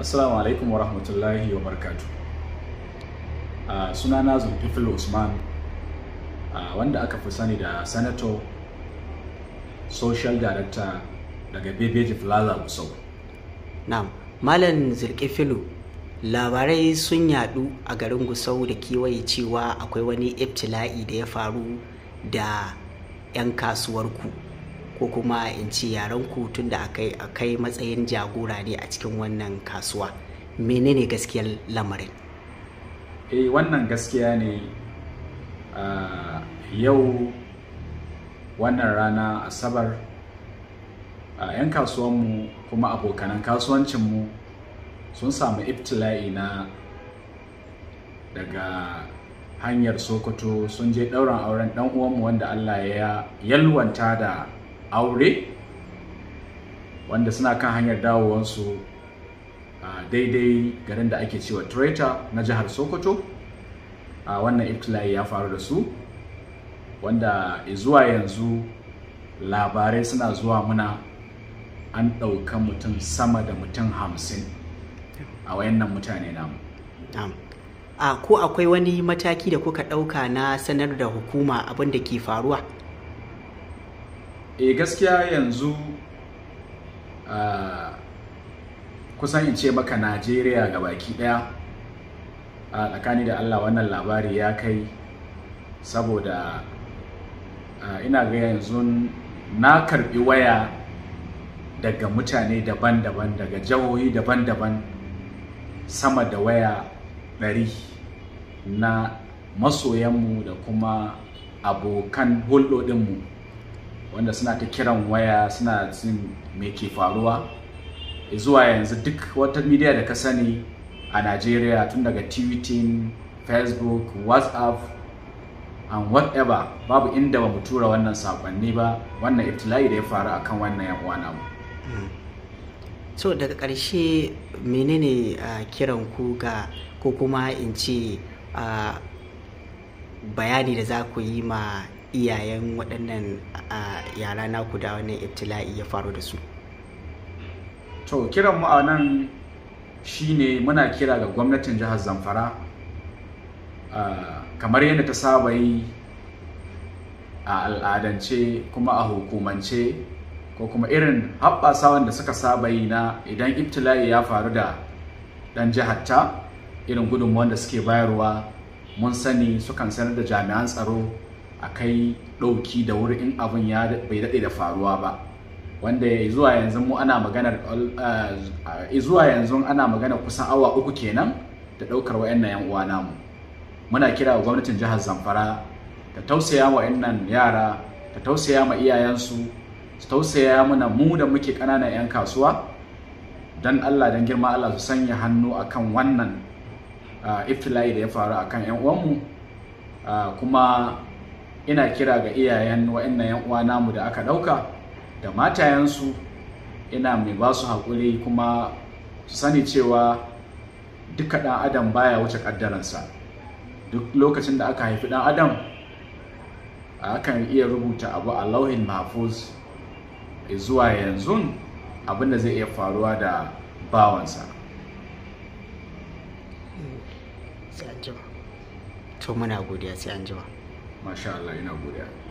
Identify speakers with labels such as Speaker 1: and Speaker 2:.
Speaker 1: Assalamu alaikum wa rahmatullahi wa barakatu. Uh, ah, sunana Zulkifil Usman uh, wanda aka fi sani da Senator Social Director daga Bebeji Plaza Gusau.
Speaker 2: Na'am, Malam Zulkifilu labarai sun yadu a garin Gusau da kewaye cewa akwai wani ibtila'i da ya faru da 'yan ku ko kuma in ce yaren ku tun da a kai matsayin jagora ne a cikin wannan kasuwa menene gaskiyar lamarin
Speaker 1: eh wannan gaskiya ne yau wannan rana asabar a 'yan kasuwanmu kuma abokanan kasuwancinmu sun samu ibtila'i na daga hanyar sokoto sun je ɗauran auren ɗan uwanmu wanda allah ya yalwanta da aure wanda suna kan hanyar dawowansu a daidai garin da ake cewa traitor na jihar sokoto a wannan iftila'i ya faru da su wanda zuwa yanzu labarai suna zuwa muna an ɗauka mutum sama da mutum hamsin a wayannan mutane namu
Speaker 2: a ko akwai wani mataki da kuka ɗauka na sanar da hukuma abin da ke faruwa
Speaker 1: e gaskiya yanzu kusan in ce maka najeriya ga baki daya a tsakani da allah wannan labari ya kai saboda ina ga yanzu na karbi waya daga mutane daban-daban daga jihohi daban-daban sama da waya ɗari na masoyanmu da kuma abokan hulɗoɗinmu wanda suna ta kiran waya suna jin me ke faruwa zuwa yanzu duk wata media da ka sani a Najeriya tun daga tweeting facebook whatsapp and whatever babu inda ba tura wannan sakonni ba wannan itila'i da ya faru akan wannan yan uwa mu.
Speaker 2: so daga ƙarshe menene kiran ku ga ko kuma in ce bayani da za ku yi ma iyayen waɗannan yara naku da wannan ibtila'i ya faru da su to kiran mu a nan shine muna kira ga gwamnatin jihar zamfara
Speaker 1: kamar yadda ta saba yi a al'adance kuma a hukumance ko kuma irin haɓɓasa wanda suka saba yi na idan ibtila'i ya faru da ɗan jihar ta irin gudunmuwan da suke bayarwa mun sani sukan sanar da jami'an tsaro a kai ɗauki da wuri in abin ya bai daɗe da faruwa ba wanda zuwa yanzu mu ana maganar zuwa yanzu ana maganar kusan awa uku kenan da ɗaukar wa'annan yan uwa namu muna kira wa gwamnatin jihar zamfara ta tausaya wa nan yara ta tausaya ma iyayensu su tausaya mana mu da muke ƙananan 'yan kasuwa don allah don girma allah su sanya hannu akan wannan iftila'i da ya faru akan 'yan uwanmu kuma ina kira ga iyayen wa'annan yan uwa namu da aka ɗauka da matayensu ina mai ba su haƙuri kuma su sani cewa duka ɗan adam baya wuce ƙaddaransa duk lokacin da aka haifi ɗan adam akan iya rubuta abu a lauhin mahfuz zuwa yanzu abinda zai iya faruwa da
Speaker 2: bawansa to muna godiya sai an jima masha Allah ina godiya